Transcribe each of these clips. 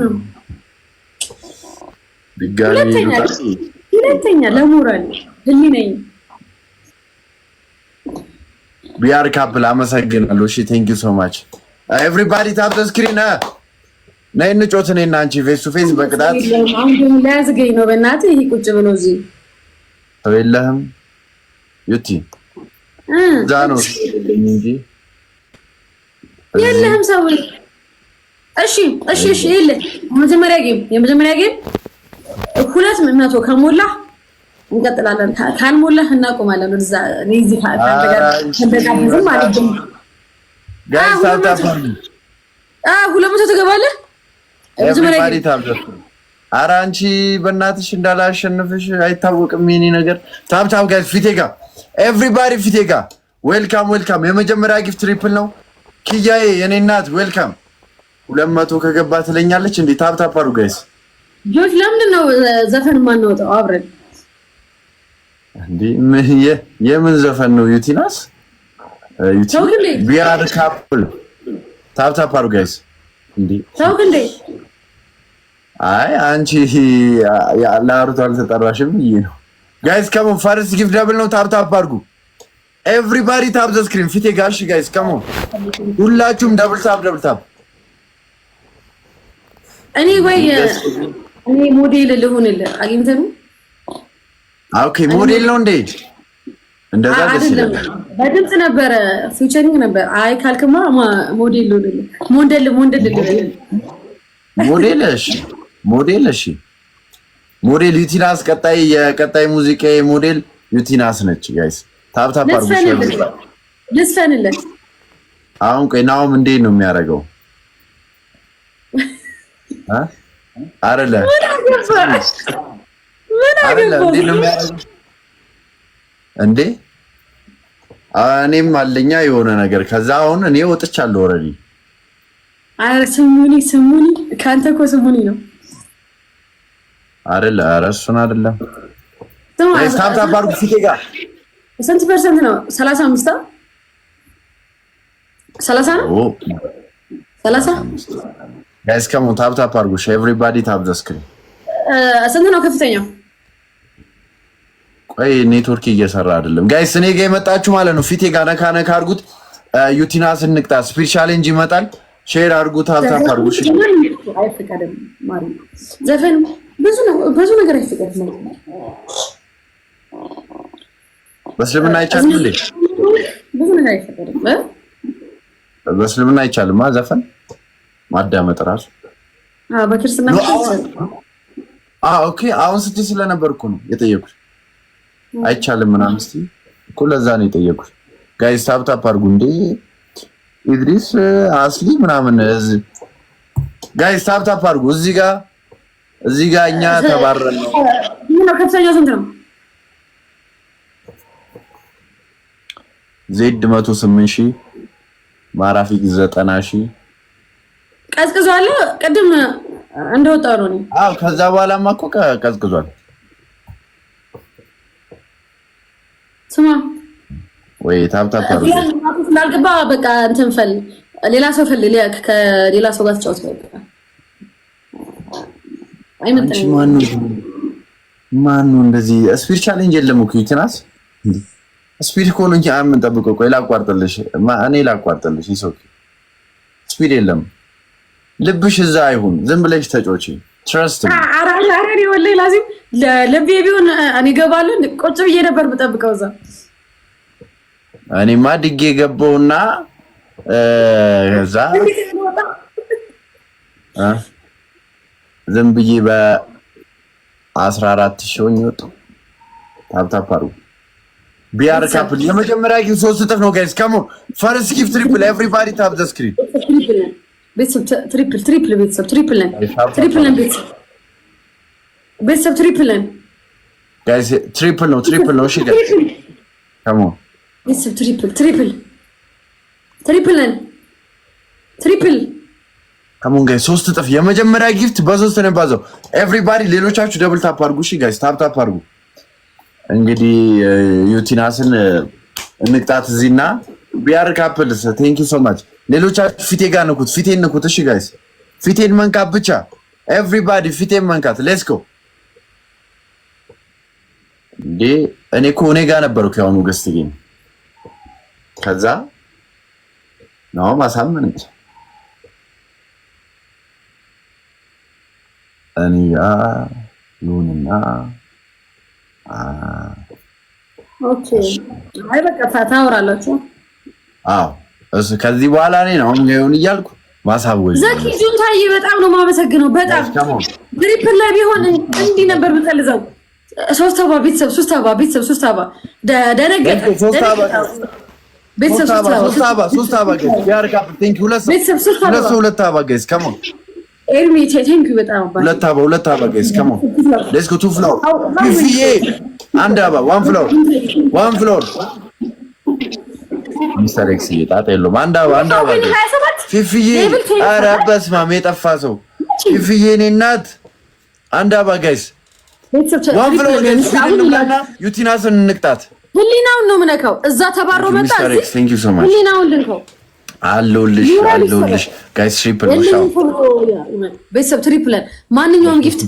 ነው። ሁለተኛ ለሞራል ህሊነኝ ቢያር ካፕል አመሰግናለሁ። እሺ ቴንክ ዩ ሶ ማች ኤቭሪባዲ ታፕ ዘ ስክሪን ነይ እንጮት። እኔና አንቺ ፌስ ቱ ፌስ በቅጣት ላያዝገኝ ነው። በእናትህ ይሄ ቁጭ ብሎ እዚህ ሰው የለህም። ዩቲ እዛ ነው የለህም ሰው እሺ እሺ እሺ ይል የመጀመሪያ ጌም የመጀመሪያ ጌም ሁለት መቶ ከሞላ እንቀጥላለን፣ ካልሞላ እናቆማለን። እዛ ኔዚ ሁለት መቶ ትገባለህ። ኧረ አንቺ በእናትሽ እንዳላሸንፍሽ አይታወቅም። የኔ ነገር ታም ታም ጋር ፊቴ ጋር ኤቭሪባዲ ፊቴ ጋር ዌልካም ዌልካም። የመጀመሪያ ጊፍት ትሪፕል ነው። ኪያዬ የኔ እናት ዌልካም ሁለት መቶ ከገባ ትለኛለች። እንዴ ታፕ ታፕ አሩ ጋይስ። ጆች ለምንድን ነው ዘፈን ማናወጣው አብረን? እንዴ የምን ዘፈን ነው? ዩቲናስ ዩቲ ቢያር ካፕል ታፕ ታፕ አሩ ጋይስ። እንዴ ታውክ እንዴ አይ አንቺ ለአሩት አልተጠራሽም ብዬ ነው ጋይስ። ከሞን ፈርስት ጊፍት ደብል ነው። ታፕ ታፕ አርጉ ኤቭሪባዲ ታፕ ዘ ስክሪን ፊቴ ጋሽ ጋይስ። ከሞን ሁላችሁም ደብል ታፕ ደብል ታፕ እኔ ወይ uh, እኔ ሞዴል ልሁንልህ አግኝተህ ነው? ኦኬ ሞዴል ነው እንዴ? እንደዛ ደስ ይላል። በድምጽ ነበረ ፊቸሪንግ ነበር። አይ ካልክማ ሞዴል ልሁንልህ። ሞዴል ሞዴል ልሁንልህ። ሞዴል እሺ፣ ሞዴል እሺ፣ ሞዴል ዩቲናስ። ቀጣይ የቀጣይ ሙዚቃ ሞዴል ዩቲናስ ነች። ጋይስ ታብታብ አድርጉሽ። ልስፈንለት አሁን። ቆይ ናውም እንዴት ነው የሚያደርገው? አረለ እንዴ እኔም አለኛ የሆነ ነገር ከዛ አሁን እኔ ወጥቻለሁ። ኦልሬዲ አረ ስሙኒ ስሙኒ እኮ ስሙኒ ነው አይደለ? አረ እሱን አይደለም። ታብታብ አድርጉ ፊቴ ጋር ስንት ፐርሰንት ነው? ሰላሳ አምስት ሰላሳ ነው ሰላሳ ጋይስ ከሞ ታፕ ታፕ አድርጉ። ኤቭሪባዲ ታፕ ዘ ስክሪን። ስንት ነው ከፍተኛው? ቆይ ኔትወርክ እየሰራ አይደለም ጋይስ። እኔ ጋ የመጣችሁ ማለት ነው ፊቴ ጋ ነካ ነካ አድርጉት። uh, ዩቲና ስንቅጣ ስፒድ ቻሌንጅ ይመጣል። ሼር አድርጉ፣ ታፕ ታፕ አድርጉ። ዘፈን ብዙ ነው፣ ብዙ ነገር አይፈቀድም። በእስልምና uh, አይቻልም ብዙ ነገር አይፈቀድም። በእስልምና አይቻልማ ዘፈን ማዳመጥ ራሱ በክርስትና ኦኬ። አሁን ስትይ ስለነበርኩ ነው የጠየኩሽ። አይቻልም ምናምን ስትይ እኮ ለዛ ነው የጠየኩሽ። ጋይስ ታፕታፕ አድርጉ እንዴ ኢድሪስ አስሊ ምናምን ጋይስ ታፕታፕ አድርጉ። እዚህ ጋ እዚህ ጋ እኛ ተባረን ዜድ መቶ ስምንት ሺህ ማራፊቅ ዘጠና ሺህ ቀዝቅዟል። ቅድም እንደወጣ ነው። አዎ፣ ከዛ በኋላማ እኮ ቀዝቅዟል። ስማ ወይ ታብታብ ስላልገባ በቃ እንትን ፈልግ፣ ሌላ ሰው ፈል ፈልግ፣ ከሌላ ሰው ጋር ትጫወት። ማነው እንደዚህ ስፒድ ቻሌንጅ የለም እኮ ይትናስ ስፒድ ከሆነ እንጂ አያምን ጠብቀው። ቆይ ላቋርጥልሽ፣ እኔ ላቋርጥልሽ። ይሰው ስፒድ የለም ልብሽ እዛ አይሁን። ዝም ብለሽ ተጮች ትረስት አራላሪ ወላሂ ላዚም ለልቤ ቢሆን እኔ እገባለሁ። ቁጭ ብዬ ነበር ብጠብቀው እዛ። እኔማ ድጌ ገባውና እዛ ዝም ብዬ በአስራ አራት ሺህ ወጡ። ታፕታፕ አድርጉ ቢአር ካፕል የመጀመሪያ ጊዜ ሶስት እጥፍ ነው ጋይስ። ከሞ ፈርስት ጊፍት ትሪፕል ኤቭሪባዲ ታፕ ዘ ስክሪን ቤተሰብ ትሪፕል ትሪፕል ቤተሰብ ትሪፕል ነን ትሪፕል ነን ቤተሰብ ቤተሰብ ትሪፕል ነን ጋይስ ትሪፕል ነው ትሪፕል ነው። እሺ ቤተሰብ ትሪፕል ትሪፕል ትሪፕል ነን ትሪፕል ካም ጋይስ ሶስት እጥፍ የመጀመሪያ ጊፍት በሶስት ነው ባዘው። ኤቭሪባዲ ሌሎቻችሁ ደብል ታፕ አድርጉ። እሺ ጋይስ ታፕ ታፕ አድርጉ። እንግዲህ ዩቲናስን እንቅጣት እዚህና ቢያር ካፕልስ ቴንክ ዩ ሶ ማች ሌሎቻችሁ ፊቴ ጋር ንኩት፣ ፊቴን ንኩት። እሺ ጋይስ ፊቴን መንካት ብቻ ኤቭሪባዲ ፊቴን መንካት። ሌትስ ጎ እንዴ! እኔ እኮ እኔ ጋር ነበርኩ ያሁኑ ገስት ጌም። ከዛ ነው ማሳመነች እኔ ጋር ሉንና ኦኬ። አይ በቃ ታውራላችሁ። አዎ እሱ ከዚህ በኋላ እኔ ነው ይሁን እያልኩ ማሳወቅ ዘኪ ጁንታዬ በጣም ነው ማመሰግነው። በጣም ትሪፕል ላይ ቢሆን እንዲህ ነበር ብንጠልዘው። ሶስት አባ ቤተሰብ ሶስት አባ ቤተሰብ ሶስት አባ ደነገጠ። ሶስት አባ ቤተሰብ ሶስት አባ ሶስት አባ ሁለት አባ ጋይስ ከሞን ኤርሚ ዩ በጣም ሁለት አባ ሁለት አባ ጋይስ ከሞን ሌትስ ጎ ቱ ፍሎር አንድ አባ ዋን ፍሎር ዋን ፍሎር ሚስተር ኤክስ ጣጣ የለውም። አንድ አንድ ፊፍዬ፣ ኧረ በስመ አብ የጠፋ ሰው ፊፍዬ፣ እኔ እናት አንድ አባጋይስ ዋን ፍሎ ዩቲናስን እንቅጣት። ህሊናውን ነው የምነካው። እዛ ተባሮ መጣ ህሊናውን ልንከው አለሁልሽ አለሁልሽ። ጋይስ ትሪፕል ነው ቤተሰብ ትሪፕለን። ማንኛውም ጊፍት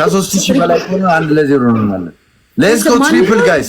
ከሶስት ሺህ በላይ አንድ ለዜሮ ነው ሌትስ ጎ ትሪፕል ጋይስ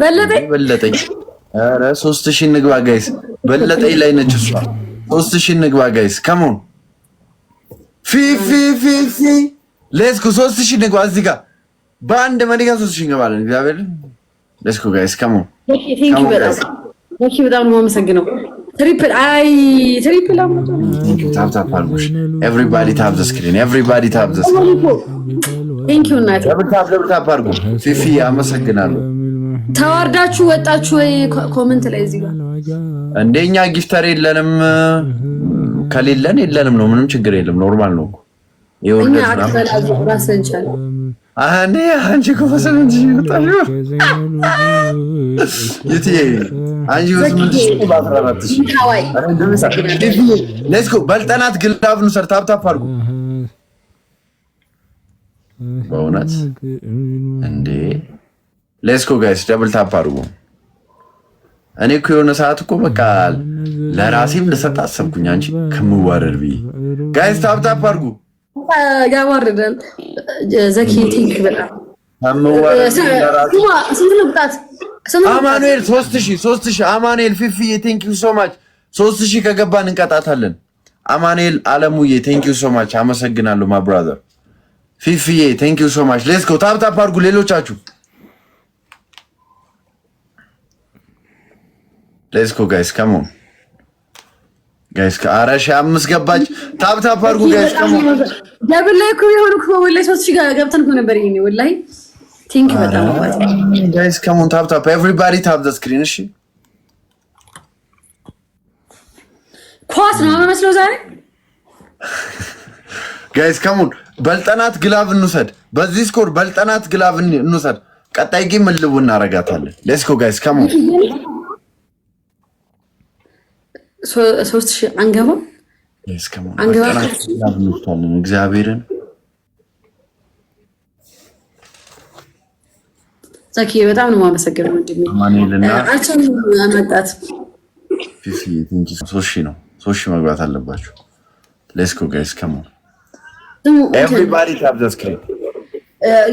በለጠኝ በለጠኝ። ኧረ ሦስት ሺህ እንግባ ጋይስ። በለጠኝ ላይ ነች እሷ። ሦስት ሺህ እንግባ ጋይስ። ከሞን ፊ ፊ ፊ ፊ ሌስኩ ሺህ እንግባ እዚህ በአንድ መዲጋ ሺህ እግዚአብሔር ሌስኩ ጋይስ ከሞን ቴንኪ በጣም ነው የማመሰግነው። ትሪፕል አይ ትሪፕል አመጣ ታፕ ታፕ አድርጎሽ። ኤቭሪባዲ ታፕ ዘ ስክሪን ኤቭሪባዲ ታፕ ዘ ስክሪን። ቴንኪ እናቴ። ታፕ ታፕ አድርጎ ፊፊ አመሰግናለሁ። ተዋርዳችሁ ወጣችሁ ወይ? ኮመንት ላይ እዚህ ጋር እንደኛ ጊፍተር የለንም ከሌለን የለንም ነው። ምንም ችግር የለም። ኖርማል ነው አንቺ ኮፈሰን እንጂ በልጠናት ሰርታ አድርጉ። በእውነት እንዴ ሌስኮ ጋይስ ደብል ታፕ አድርጉ። እኔ እኮ የሆነ ሰዓት እኮ በቃ ለራሴም ልሰጥ አሰብኩኝ። አንቺ ከምዋረድ ብዬ ጋይስ ታፕ ታፕ አድርጉ። ያዋርዳል ዘኪ ቲንክ በጣም አማኑኤል ሶስት ሺህ ሶስት ሺህ አማኑኤል ፊፍዬ ቴንኪዩ ሶማች ሶስት ሺህ ከገባን እንቀጣታለን። አማኑኤል አለሙዬ ቴንኪዩ ሶማች አመሰግናለሁ። ማብራዘር ፊፍዬ ቴንኪዩ ሶማች ሌስኮ ታፕ ታፕ አድርጉ ሌሎቻችሁ ሌትስ ጎ ጋይስ ከሞን ጋይስ ኧረ ሺህ አምስት ገባች። ታፕ ታፕ አድርጉ ጋይስ ከሞን ደብል ላይ እኮ የሆኑ እኮ ወላሂ ሦስት ሺህ ገብተን እኮ ነበር። ይሄኔ ወላሂ ቲንክ በጣም ጋይስ ከሞን ታፕ ታፕ ኤቭሪባዲ ታፕ ዘ ስክሪን። እሺ ኳስ ነው የሚመስለው ዛሬ ጋይስ ከሞን በልጠናት ግላብ እንውሰድ። በዚህ ስኮር በልጠናት ግላብ እንውሰድ። ቀጣይ ጌም ልቡ እናረጋታለን። ሌትስ ጎ ጋይስ ከሞን ሶስት ሺህ አንገባም አንገባም። እግዚአብሔርን ዛኪ በጣም ነው የማመሰግነው ወንድሜ። ሶስት ሺህ ነው። ሶስት ሺህ መግባት አለባቸው። ሌትስ ጋይስ ከሞን ኤቭሪባዲ ዘ ስክሪን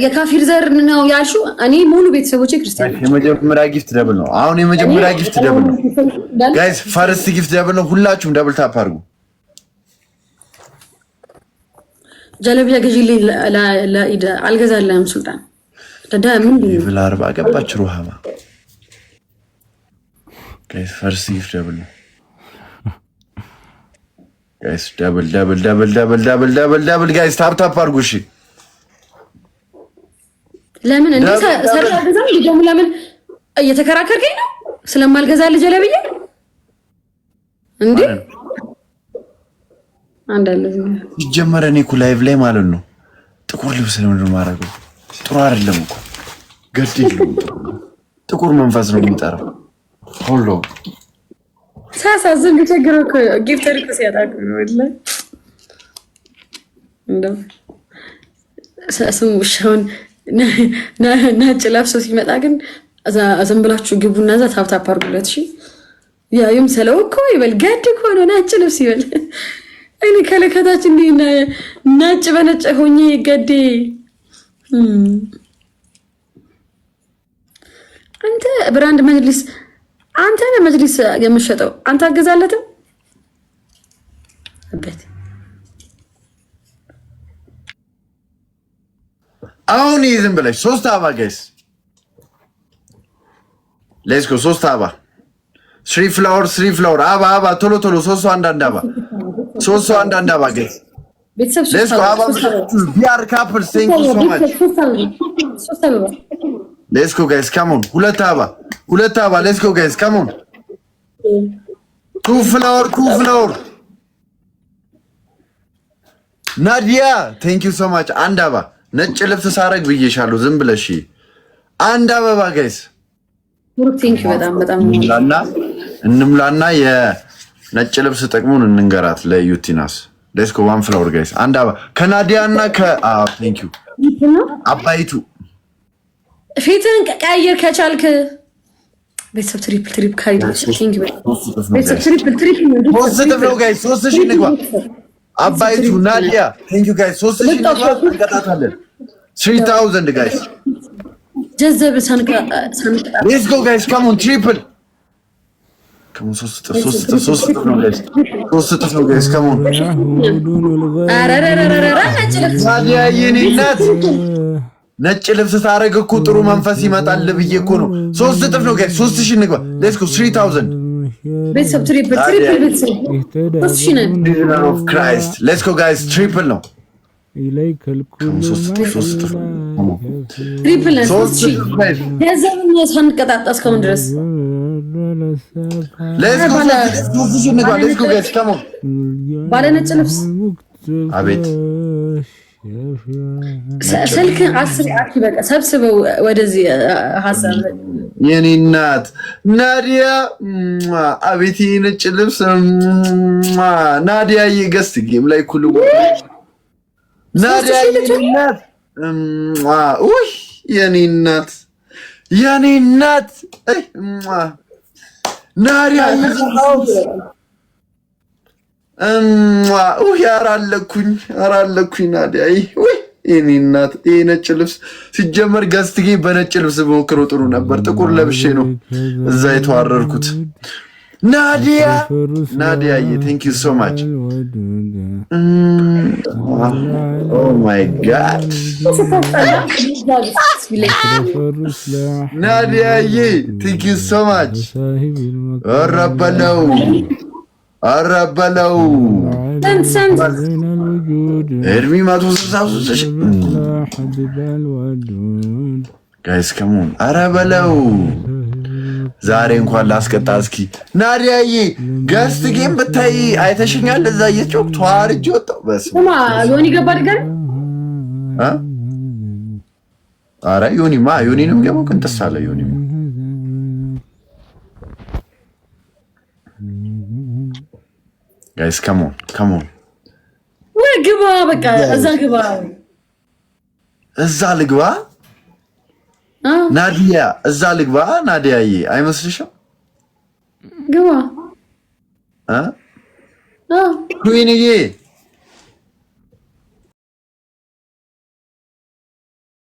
የካፊር ዘር ነው ያልሺው። እኔ ሙሉ ቤተሰቦቼ ክርስቲያን። የመጀመሪያ ጊፍት ደብል ነው። አሁን የመጀመሪያ ጊፍት ደብል ነው። ጋይስ ፈርስት ጊፍት ደብል ነው። ሁላችሁም ደብል ታፕ አድርጉ። ጀለቢያ ገዢልኝ ለኢድ አልገዛልህም። ሱልጣን ደምንብላ አርባ ገባች ሩሃማ። ጋይስ ፈርስት ጊፍት ደብል ነው። ጋይስ ደብል ደብል ደብል ደብል ደብል ደብል ደብል ጋይስ ታፕ ታፕ አድርጉ እሺ ለምን እንዴ ሰርታ ገዛም ልጅም ለምን እየተከራከርከኝ ነው? ስለማልገዛ ልጅ ለብየ እንዴ አንዳለ ይጀመረ እኔ እኮ ላይቭ ላይ ማለት ነው ጥቁር ልብስ ለምንድን ማድረገው ጥሩ አይደለም እኮ ገድ የለውም ጥቁር መንፈስ ነው የሚጠራው ሁሉ ሳሳዝን ቢቸግረው እኮ ጊፍት ሪኩስ ያጣቁ ነው እንደው ስሙ እሺ ነጭ ለብሶ ሲመጣ ግን ዝም ብላችሁ ግቡና እዛ ታብታብ አድርጉለት። እሺ ሰለው እኮ ይበል ገድ እኮ ነው ነጭ ልብስ ይበል። እኔ ከለከታች እንዲ ነጭ በነጭ ሆኜ ገዴ አንተ ብራንድ መጅሊስ አንተ መጅሊስ የምሸጠው አንተ አገዛለትም አበት አሁን ይህ ዝም ብለሽ ሶስት አባ ጋይስ ሌስኮ ሶስት አባ ስሪ ፍላወር ስሪ ፍላወር አባ አባ ቶሎ ቶሎ ሶስት አንዳንድ አባ ሶስት አንዳንድ አባ ጋይስ ሌስኮ አባ ቢአር ካፕል ቴንክ ዩ ሶ ማች ሌስኮ ጋይስ ካሞን ሁለት አባ ሁለት አባ ሌስኮ ጋይስ ካሞን ቱ ፍላወር ቱ ፍላወር ናዲያ ቴንክ ዩ ሶ ማች አንድ አባ ነጭ ልብስ ሳረግ ብዬሻለሁ። ዝም ብለሽ አንድ አበባ ጋይስ እንምላና የነጭ ልብስ ጥቅሙን እንንገራት ለዩቲናስ ደስኮ ዋን ፍላወር ጋይስ አንድ አበባ ከናዲያ እና ከቴንኪዩ አባይቱ ፊትን ቀይር ከቻልክ ቤተሰብ ትሪፕል ትሪፕ ካሪ ትሪፕል ትሪፕል ነው ሶስት ሺ ንግባ አባይቱ ናዲያ ቴንክ ዩ ጋይስ ትሪፕል ነጭ ልብስ ታረግ እኮ ጥሩ መንፈስ ይመጣል ብዬ እኮ ነው። ሶስት እጥፍ ነው ጋይስ ሶስት ሺህ እንግባ። ሌትስ ጎ ትሪ ታውዘንድ ቤተሰብ ትሪፕል ትሪፕል ቤተሰብ እሺ ነን ሪዝነር ኦፍ ክራይስት ሌትስ ጎ ጋይስ ትሪፕል ነው ትሪፕል ነን ገንዘብም ሳንቀጣጣ እስካሁን ድረስ ባለ ነጭ ልብስ አቤት ስልክ አስር በቃ ሰብስበው ወደዚህ ሀሳብ የኔ እናት ናዲያ፣ አቤት ነጭ ልብስ ናዲያ የገስት ጌም ላይ ኩል ናዲያ እናት ውይ የኔ እናት የኔ እናት ናዲያ ውይ አራለኩኝ አራለኩኝ ናዲያ ውይ እኔ እናት ይህ ነጭ ልብስ ሲጀመር ገዝትጌ በነጭ ልብስ በሞክረው ጥሩ ነበር። ጥቁር ለብሼ ነው እዛ የተዋረርኩት። ናዲያ ናዲያ ዬ ቴንክ ዩ ሶ ማች ማይ ጋድ ናዲያ ዬ ቴንክ ዩ ሶ ማች ኧረ በለው ኧረ ጋይስ ከመሆን አረ በለው ዛሬ እንኳን ላስቀጣ። እስኪ ናዲያዬ ገስት ጌም ብታይ አይተሽኛል። እዛ እየጮክ ተዋርጅ ወጣው በስ ዮኒ ገባ ድገር አረ ዮኒ ዮኒማ ዮኒንም ገባው ቅንጥስ አለ ዮኒማ ጋይስ ከመሆን ከመሆን ወይ ግባ፣ በቃ እዛ ግባ፣ እዛ ልግባ። ናዲያ እዛ ልግባ። ናዲያዬ አይመስልሽም? ግባ አ ኩዊንዬ